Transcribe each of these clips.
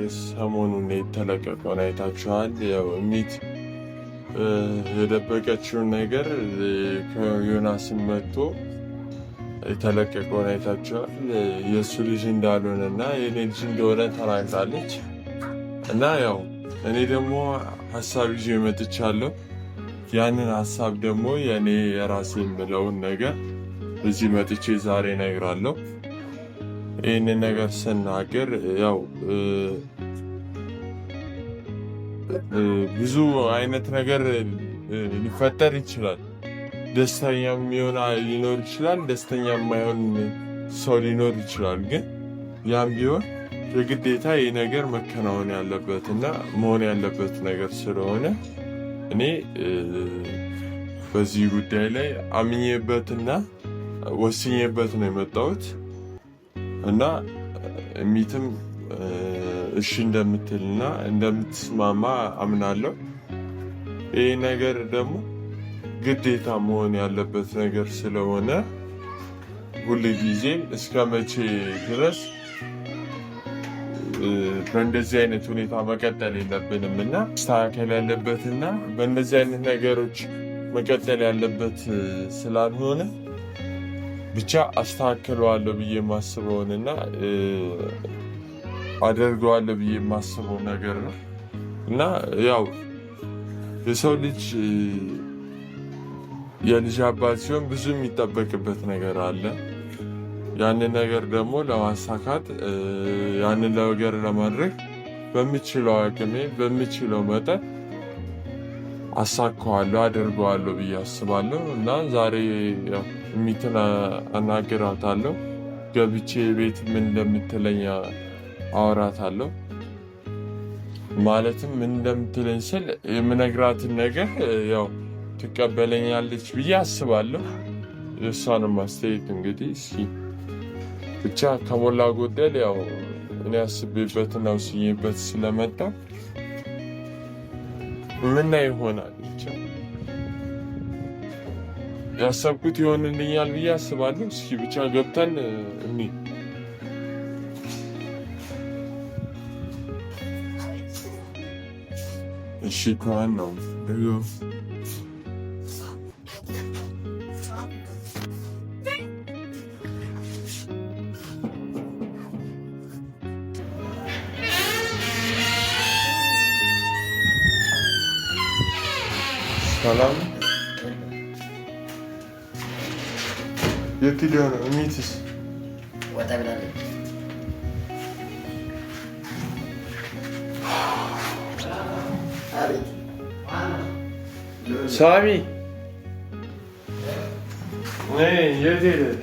የሰሞኑን የተለቀቀውን አይታችኋል። ያው እሚት የደበቀችውን ነገር ከዮናስን መጥቶ የተለቀቀውን አይታችኋል። የእሱ ልጅ እንዳልሆነ እና የኔ ልጅ እንደሆነ ተናግራለች። እና ያው እኔ ደግሞ ሀሳብ ይዤ መጥቻለሁ። ያንን ሀሳብ ደግሞ የእኔ የራሴ የምለውን ነገር እዚህ መጥቼ ዛሬ እነግራለሁ። ይህንን ነገር ስናገር ያው ብዙ አይነት ነገር ሊፈጠር ይችላል። ደስተኛ የሚሆን ሊኖር ይችላል፣ ደስተኛ የማይሆን ሰው ሊኖር ይችላል። ግን ያም ቢሆን የግዴታ ይህ ነገር መከናወን ያለበትና መሆን ያለበት ነገር ስለሆነ እኔ በዚህ ጉዳይ ላይ አምኜበትና ወስኜበት ነው የመጣሁት። እና ሚትም እሺ እንደምትልና እንደምትስማማ አምናለሁ። ይህ ነገር ደግሞ ግዴታ መሆን ያለበት ነገር ስለሆነ ሁል ጊዜ እስከ መቼ ድረስ በእንደዚህ አይነት ሁኔታ መቀጠል የለብንም እና መስተካከል ያለበትና በእንደዚህ አይነት ነገሮች መቀጠል ያለበት ስላልሆነ ብቻ አስተካክለዋለሁ ብዬ የማስበውንና አደርገዋለሁ ብዬ የማስበው ነገር ነው እና ያው የሰው ልጅ የልጅ አባት ሲሆን ብዙ የሚጠበቅበት ነገር አለ። ያንን ነገር ደግሞ ለማሳካት ያንን ነገር ለማድረግ በምችለው አቅሜ በምችለው መጠን አሳካዋለሁ አደርገዋለሁ ብዬ አስባለሁ እና ዛሬ ሚትን አናግራታለሁ። ገብቼ ቤት ምን እንደምትለኝ አወራታለሁ። ማለትም ምን እንደምትለኝ ስል የምነግራትን ነገር ያው ትቀበለኛለች ብዬ አስባለሁ። የእሷንም ማስተያየት እንግዲህ እስኪ ብቻ ከሞላ ጎደል ያው እኔ አስቤበትና ውስኜበት ስለመጣ ምና ይሆናል ብቻ ያሰብኩት ይሆንልኛል ብዬ አስባለሁ። እስኪ ብቻ ገብተን እኔ እሺ ነው lan. Yapıyorum, ümitiz. Whatever Sami. Ne yedi?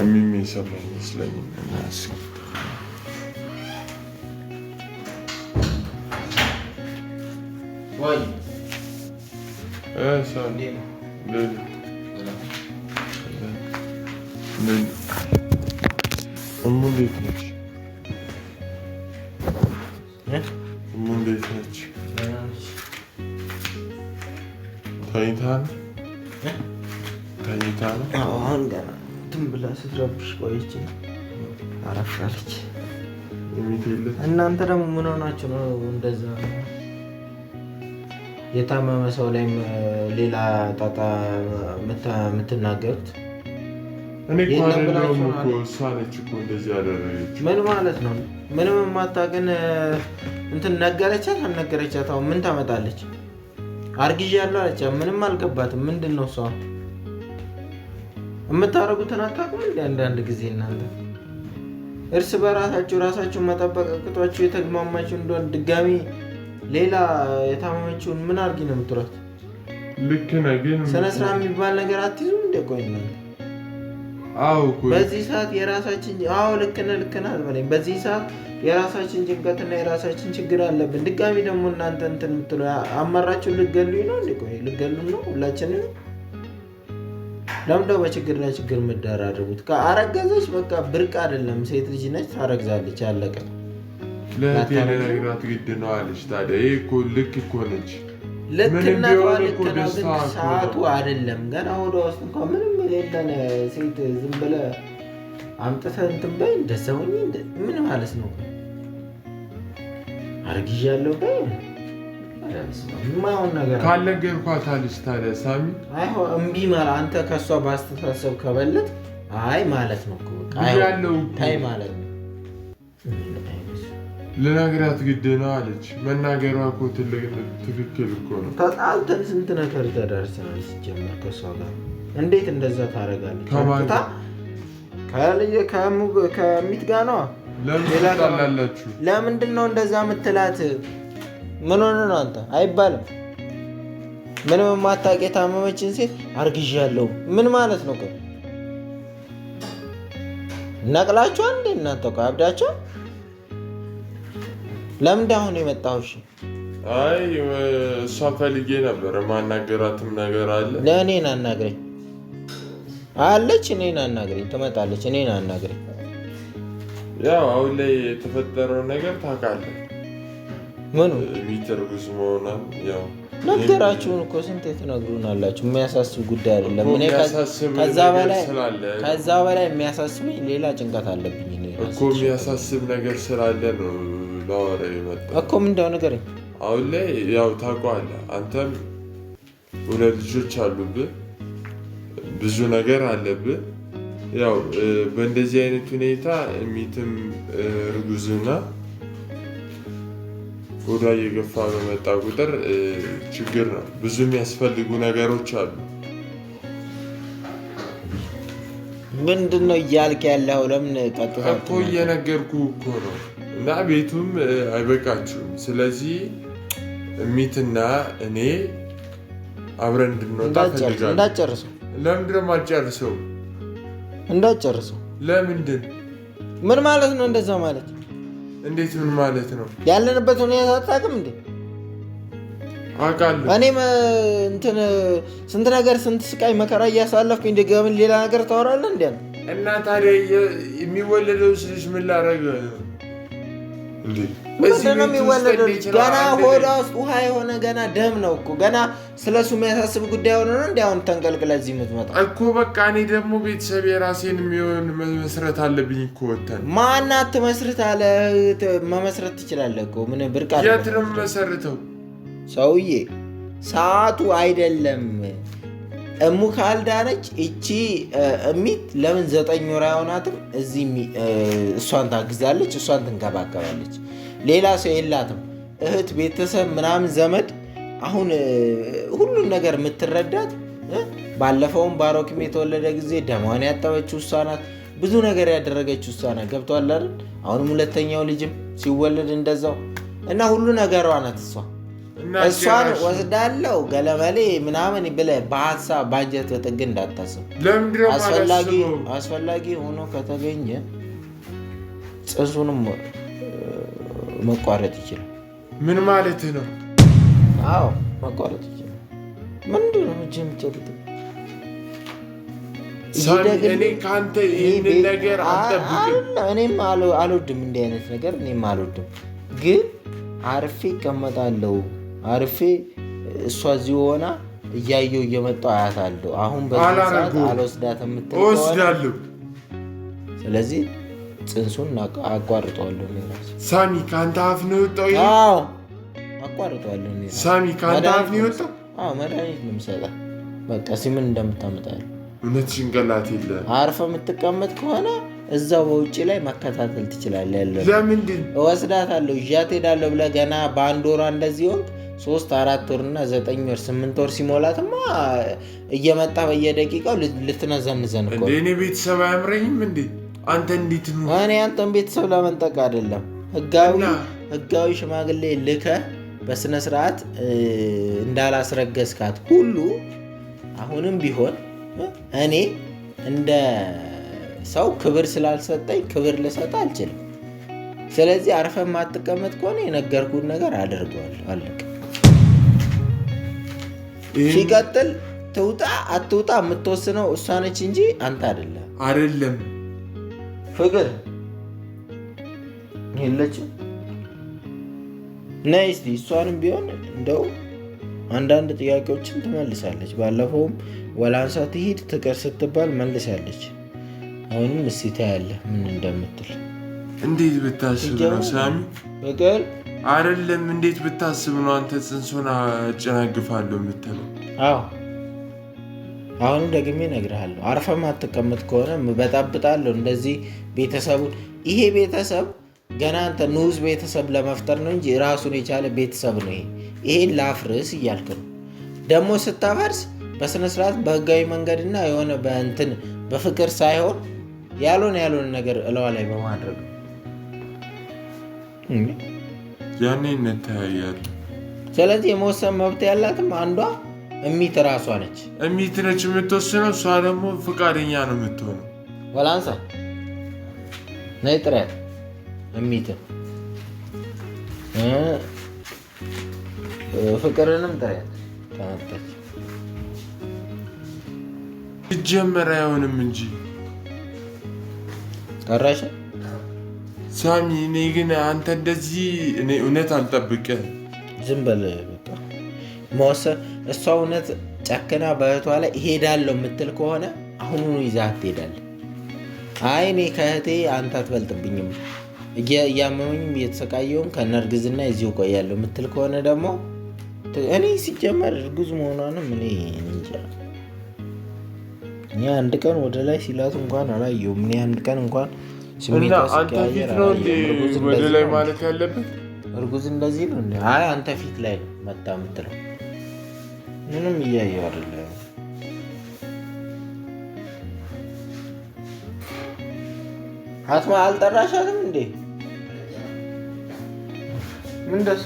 أمين من شر المسلمين الناس واي ايه سلام ليلى ليلى ليلى Onun da ihtiyaç. Ne? Onun da ihtiyaç. Ne? Tayyip Han. ስትረብሽ ቆይቼ እናንተ ደግሞ ምን ሆናችሁ ነው እንደዛ? የታመመ ሰው ላይም ሌላ ጣጣ የምትናገሩት ምን ማለት ነው? ምንም የማታውቅን እንትን ነገረቻት አልነገረቻት፣ አሁን ምን ታመጣለች? አርግዣለሁ ምንም አልገባትም። ምንድን ነው እሷ የምታደርጉትን አታውቁም። እንደ አንዳንድ ጊዜ እናንተ እርስ በራሳችሁ ራሳችሁን መጠበቅ አቅቷችሁ የተግማማችሁ እንደሆነ ድጋሚ ሌላ የታመመችውን ምን አድርጊ ነው የምትሏት? ልክ ነህ፣ ግን ስነ ስርዓት የሚባል ነገር አትይዙም እንደ ቆይ እናንተ። አዎ በዚህ ሰዓት የራሳችን አዎ ልክ ነህ ልክ ነህ አትበለኝ። በዚህ ሰዓት የራሳችን ጭንቀትና የራሳችን ችግር አለብን። ድጋሚ ደግሞ እናንተ እንትን የምትለው አማራችሁ ልገሉኝ ነው እንደ ቆይ ልገሉን ነው ሁላችንም ለምደ በችግር ላይ ችግር የምደራረቡት? አረገዘች በቃ ብርቅ አይደለም። ሴት ልጅ ነች፣ ታረግዛለች። አለቀ። ለቴሌናት ግድ ነው አለች። ታዲያ ይህ እኮ ልክ እኮ ነች። ልክና ልክ ነው፣ ግን ሰዓቱ አይደለም። ገና ወደ ውስጥ እንኳ ምንም የሌለን ሴት ዝም ብለህ አምጥተህ እንትን በይ እንደሰውኝ ምን ማለት ነው? አርግዣለሁ በይ ካልነገርኳት ታዲያ ሳሚ እምቢ ማለት አንተ ከእሷ በአስተሳሰብ ከበለት አይ ማለት ነው ያለው ማለት ነው። ልነግራት ግድ ነው አለች። መናገሯ እኮ ትክክል እኮ ነው። ተጣልተን ስንት ነገር ተደርሰናል። ሲጀመር ከእሷ ጋር እንዴት እንደዛ ታደርጋለች? ከሚት ጋር ነዋ። ለምንድን ነው እንደዛ ምትላት? ምን ሆነ ነው አንተ? አይባልም። ምንም የማታውቅ የታመመችን ሴት አርግዣለሁ ምን ማለት ነው? ነቅላችኋል እንዴ እናንተ? ቆይ አብዳችሁ ለምንድን አሁን የመጣሁሽ? አይ እሷ ፈልጌ ነበር ማናገራትም ነገር አለ። ለእኔን አናግረኝ አለች። እኔን አናግረኝ ትመጣለች። እኔን አናግረኝ። ያው አሁን ላይ የተፈጠረውን ነገር ታውቃለህ። ቢተርጉስ መሆኗን ያው ነገራችሁን እኮ ስንት ትነግሩናላችሁ። የሚያሳስብ ጉዳይ አይደለም። ከዛ በላይ የሚያሳስበኝ ሌላ ጭንቀት አለብኝ እኮ። የሚያሳስብ ነገር ስላለ ነው ለወረ እኮ። ነገር አሁን ላይ ያው ታውቀዋለህ፣ አንተም ሁለት ልጆች አሉብህ፣ ብዙ ነገር አለብህ። ያው በእንደዚህ አይነት ሁኔታ ሚትም እርጉዝና ወዳ እየገፋ በመጣ ቁጥር ችግር ነው። ብዙ የሚያስፈልጉ ነገሮች አሉ። ምንድን ነው እያልክ ያለው? ለምን ቀጥታ እኮ እየነገርኩ እኮ ነው። እና ቤቱም አይበቃችሁም። ስለዚህ እሚትና እኔ አብረን እንድንወጣ ፈልጋለሁ። እንዳጨርሰው። ለምንድን ነው የማጨርሰው? እንዳጨርሰው። ለምንድን ምን ማለት ነው እንደዛ ማለት እንዴት? ምን ማለት ነው? ያለንበት ሁኔታ አታውቅም እንዴ? አውቃለሁ። እኔም እንትን ስንት ነገር ስንት ስቃይ መከራ እያሳለፍኩ እንደገምን ሌላ ነገር ታወራለህ እንዴ? እና ታዲያ የሚወለደው ልጅ ምን ላደርግ ምንድነው የሚወለደው? ገና ሆዷ ውስጥ ውሃ የሆነ ገና ደም ነው እኮ ገና ስለ እሱ የሚያሳስብ ጉዳይ ሆነ ነው እንዲ አሁን ተንቀልቅለ እዚህ እኮ በቃ እኔ ደግሞ ቤተሰብ የራሴን የሚሆን መመስረት አለብኝ እኮ ወተን ማናት መስረት አለ መመስረት ትችላለህ እኮ ምን ብርቅ የት ነው መሰርተው ሰውዬ ሰዓቱ አይደለም እሙ ካልዳነች እቺ እሚት ለምን ዘጠኝ ወር አይሆናትም እዚህ እሷን ታግዛለች እሷን ትንከባከባለች ሌላ ሰው የላትም እህት ቤተሰብ ምናምን ዘመድ አሁን ሁሉን ነገር የምትረዳት ባለፈውም ባሮክም የተወለደ ጊዜ ደሟን ያጠበችው እሷ ናት። ብዙ ነገር ያደረገችው እሷ ናት። ገብቷል አይደል? አሁንም ሁለተኛው ልጅም ሲወለድ እንደዛው እና ሁሉ ነገሯ ናት እሷ እሷን ወስዳለው ገለመሌ ምናምን ብለ በሀሳብ ባጀት በጥግ እንዳታስብ። አስፈላጊ ሆኖ ከተገኘ ጽንሱንም መቋረጥ ይችላል። ምን ማለት ነው? አዎ መቋረጥ ይችላል። ምንድን ነው እጅ የምትጨብጥ? እኔም አልወድም እንዲህ አይነት ነገር እኔም አልወድም፣ ግን አርፌ ይቀመጣለው አርፌ እሷ እዚህ ሆና እያየው እየመጣሁ አያታለሁ። አሁን በሰዓት አልወስዳትም ስለዚህ ጽንሱን አቋርጠዋለሁ። ሳሚ ከአንተ አፍ ነው የወጣው አቋርጠዋለሁ። ሳሚ ከአንተ አፍ ይወጣ የወጣው። መድኃኒት ነው የምሰጠህ። በቃ ሲምን ምን እንደምታመጣለህ። እውነት ሽንገላት የለ አርፈ የምትቀመጥ ከሆነ እዛው በውጭ ላይ መከታተል ትችላለህ። ያለ ለምንድን እወስዳታለሁ እዣት ሄዳለሁ ብለህ ገና በአንድ ወሯ እንደዚህ ሆንክ። ሶስት አራት ወርና ዘጠኝ ወር ስምንት ወር ሲሞላትማ እየመጣ በየደቂቃው ልትነዘንዘን እኮ እኔ ቤተሰብ አያምረኝም እንዴ አንተ እንዴት ነው እኔ አንተን ቤተሰብ ለመንጠቅ አይደለም ህጋዊ ህጋዊ ሽማግሌ ልከህ በስነ ስርዓት እንዳላስረገዝካት ሁሉ አሁንም ቢሆን እኔ እንደ ሰው ክብር ስላልሰጠኝ ክብር ልሰጥ አልችልም። ስለዚህ አርፈ ማትቀመጥ ከሆነ የነገርኩን ነገር አድርገዋል፣ አለቀ። ሲቀጥል ትውጣ አትውጣ የምትወስነው እሷ ነች እንጂ አንተ አይደለም። አይደለም ፍቅር የለችም። እና እስቲ እሷንም ቢሆን እንደው አንዳንድ ጥያቄዎችን ትመልሳለች። ባለፈውም ወላንሳ ትሂድ ትቅር ስትባል መልሳለች። አሁንም እስቲ ያለ ምን እንደምትል። እንዴት ብታስብ ነው ሳሚ? በቀል አይደለም። እንዴት ብታስብ ነው አንተ ጽንሶን አጨናግፋለሁ የምትለው? አዎ አሁን ደግሜ እነግርሃለሁ። አርፈም አትቀመጥ ከሆነ በጣብጣለሁ። እንደዚህ ቤተሰቡን ይሄ ቤተሰብ ገና አንተ ንዑስ ቤተሰብ ለመፍጠር ነው እንጂ ራሱን የቻለ ቤተሰብ ነው ይሄ። ይሄን ላፍርስ እያልክ ነው። ደግሞ ስታፈርስ በስነስርዓት በህጋዊ መንገድና የሆነ በእንትን በፍቅር ሳይሆን ያልሆነ ያልሆነ ነገር እለዋ ላይ በማድረግ ያኔ እንተያያለን። ስለዚህ የመወሰን መብት ያላትም አንዷ እሚት እራሷ ነች። እሚት ነች የምትወስነው። እሷ ደግሞ ፈቃደኛ ነው የምትሆነው። ወላንሳ ነይ ጥሪያት እሚትን ፍቅርንም ጥሪያት ተመጣች ጀመረ። አይሆንም እንጂ ቀራሽ ሳሚ። እኔ ግን አንተ እንደዚህ እኔ እውነት አልጠብቅህ። ዝም በል በቃ መወሰን። እሷ እውነት ጨክና በእህቷ ላይ እሄዳለሁ የምትል ከሆነ አሁኑኑ ይዛ ትሄዳለህ። አይ እኔ ከእህቴ አንተ አትበልጥብኝም እያመመኝም እየተሰቃየውም ከነ እርግዝና ይዚ እቆያለሁ የምትል ከሆነ ደግሞ እኔ ሲጀመር እርጉዝ መሆኗንም እኔ እንጃ እኔ አንድ ቀን ወደ ላይ ሲላት እንኳን አላየሁም። እኔ አንድ ቀን እንኳን ስሜቷ ወደ ላይ ማለት ያለብን እርጉዝ እንደዚህ ነው። አይ አንተ ፊት ላይ ነው መታ የምትለው ምንም እያየሁ አይደለም። አትማ አልጠራሻትም እንዴ? ምን ደስ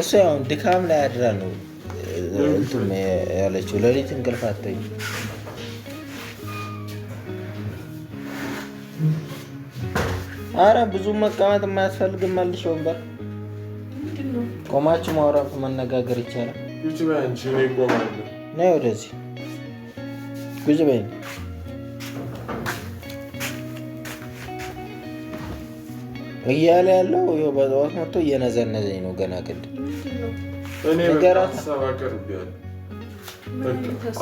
እሱ ያው ድካም ላይ አድራ ነው ያለችው። ሌሊት እንቅልፍ አትተኝ። አረ ብዙ መቀመጥ የማያስፈልግ መልሽ ወንበር ቆማችሁ ማውራት መነጋገር ይቻላል። ወደዚህ ጉዝ በይ እያለ ያለው በጠዋት መጥቶ እየነዘነዘኝ ነው። ገና ቅድም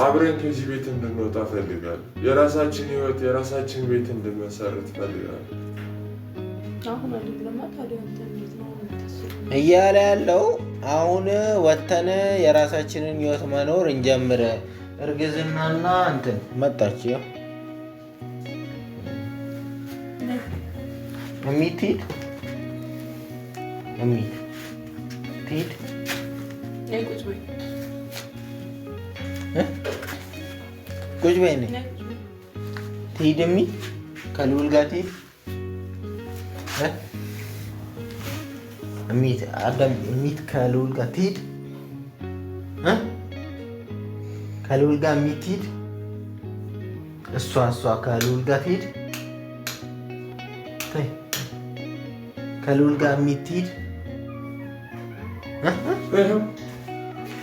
አብረን ከዚህ ቤት እንድንወጣ ፈልጋል። የራሳችን ህይወት፣ የራሳችን ቤት እንድንመሰርት ፈልጋል እያለ ያለው አሁን ወተነ የራሳችንን ህይወት መኖር እንጀምረ እርግዝናና እንትን መጣች ያው እሚት ትሂድ እሚት ትሂድ ቁጭ በይ ነኝ ትሂድ እሚት ከልዑል ጋር ትሂድ እሚት አዳም እሚት ከልዑል ጋር ትሂድ ከልዑል ጋር እሚት ትሂድ እሷ እሷ ከልዑል ጋር ትሂድ ከልዑል ጋር የምትሄድ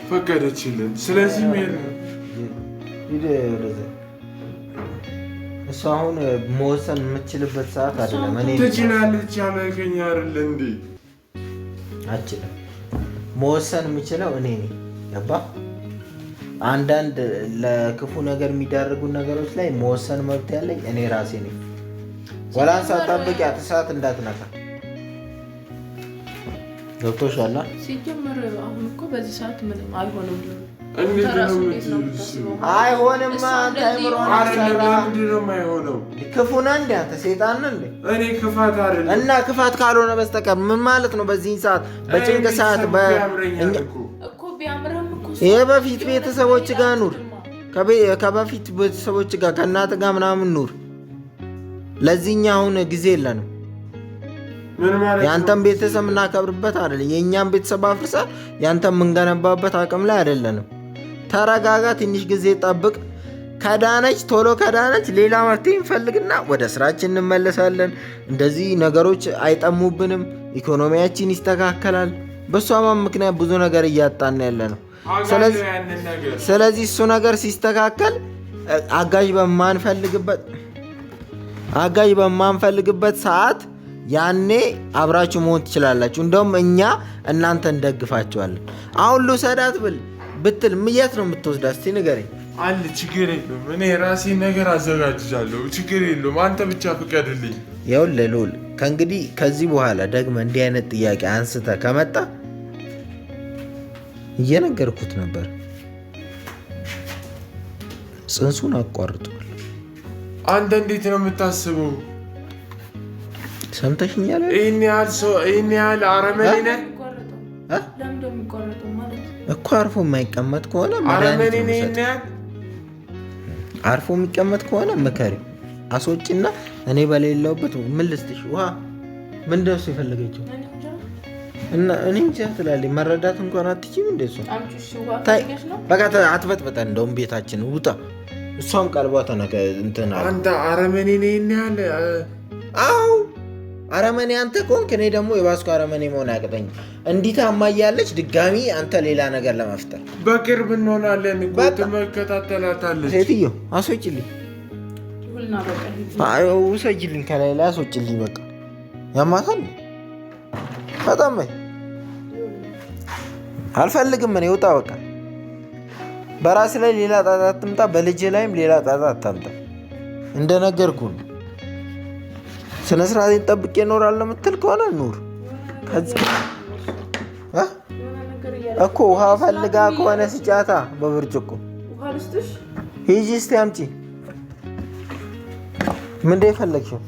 ፈቀደችልን። ስለዚህ እሱ አሁን መወሰን የምችልበት ሰዓት አይደለም። ትችላለች። ያመልከኛ አይደለ እንዴ? አችልም። መወሰን የምችለው እኔ ነኝ። ገባ? አንዳንድ ለክፉ ነገር የሚዳርጉ ነገሮች ላይ መወሰን መብት ያለኝ እኔ ራሴ ነኝ። ወላን ሳታብቅ ያት ሰዓት እንዳትነካ ገብቶሻል። ሲጀመር አሁን እኮ በዚህ ሰዓት ምንም አይሆንም። አይሆንማ ክፋት እና ክፋት ካልሆነ በስተቀር ምን ማለት ነው? በዚህን ሰዓት በጭንቅ ሰዓት ይሄ በፊት ቤተሰቦች ጋር ኑር፣ ከበፊት ቤተሰቦች ጋር ከእናት ጋር ምናምን ኑር። ለዚህኛ አሁን ጊዜ የለንም። ያንተን ቤተሰብ የምናከብርበት አይደለም። የእኛን ቤተሰብ አፍርሰን ያንተን የምንገነባበት አቅም ላይ አይደለንም። ተረጋጋ፣ ትንሽ ጊዜ ጠብቅ። ከዳነች ቶሎ ከዳነች ሌላ መፍትሄ እንፈልግና ወደ ስራችን እንመለሳለን። እንደዚህ ነገሮች አይጠሙብንም፣ ኢኮኖሚያችን ይስተካከላል። በእሷማ ምክንያት ብዙ ነገር እያጣን ያለ ነው። ስለዚህ እሱ ነገር ሲስተካከል አጋዥ በማንፈልግበት አጋዥ በማንፈልግበት ሰዓት ያኔ አብራችሁ መሆን ትችላላችሁ። እንደውም እኛ እናንተ እንደግፋችኋለን። አሁን ልውሰዳት ብል ብትል የት ነው የምትወስዳት? እስኪ ንገረኝ። አለ ችግር የለም እኔ ራሴ ነገር አዘጋጅቻለሁ። ችግር የለም አንተ ብቻ ፍቀድልኝ። ይኸውልህ ከእንግዲህ ከዚህ በኋላ ደግመ እንዲህ አይነት ጥያቄ አንስተ ከመጣ እየነገርኩት ነበር ጽንሱን አቋርጧል። አንተ እንዴት ነው የምታስበው? ሰምተሽኛል? ይህን ያህል ይህን ያህል አረመኔ ነህ እኮ አርፎ የማይቀመጥ ከሆነ አርፎ የሚቀመጥ ከሆነ አስወጪና እኔ በሌለውበት ምን ልስጥሽ? ውሃ የፈለገችው እና እኔ እንጃ ትላለች። መረዳት እንኳን አትችም። እንደሱ በቃ አትበጥበጠ። እንደውም ቤታችን ውጣ። እሷም ቀልቧ እንትን አንተ አረመኔ ነህ ያለ ያህል አረመኔ አንተ ከሆንክ እኔ ደግሞ የባስኩ አረመኔ መሆን አቅጠኝ። እንዲት አማያለች ድጋሚ አንተ ሌላ ነገር ለመፍጠር በቅርብ እንሆናለን። ትመከታተላታለች። ሴትዮ አስወጭልኝ፣ ውሰጅልኝ፣ ከላይ ላይ አስወጭልኝ። በቃ ያማታል በጣም በይ። አልፈልግም እኔ ውጣ። በቃ በራስ ላይ ሌላ ጣጣ አትምጣ፣ በልጅ ላይም ሌላ ጣጣ አታምጣ። እንደነገርኩ ነው። ስነ ስርዓቴን ጠብቄ እኖራለሁ የምትል ከሆነ ኑር እኮ። ውሃ ፈልጋ ከሆነ ስጫታ በብርጭቆ ሂጂ እስቲ አምጪ። የፈለግሽው?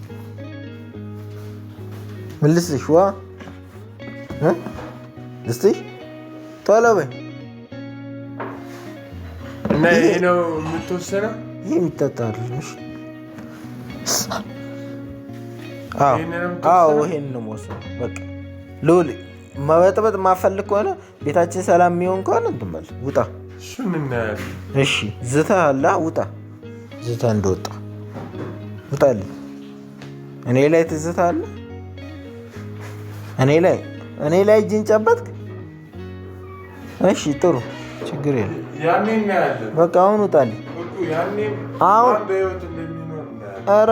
ምን ልስጥሽ? ውሃ ልስጥሽ? ቶሎ በይ። እና ይሄ ነው የምትወሰነው ይሄ የሚጠጣ ይሄን ነው የምወስነው። በቃ ልውል መበጥበጥ ማፈልግ ከሆነ ቤታችን ሰላም የሚሆን ከሆነ እንትመል ውጣ። እሺ ዝታ አላ ውጣ። ዝታ እንደወጣ ውጣልኝ። እኔ ላይ ትዝታ አለ እኔ ላይ እኔ ላይ እጅን ጨበጥክ። እሺ ጥሩ ችግር የለም። በቃ አሁን ውጣልኝ። አሁን ኧረ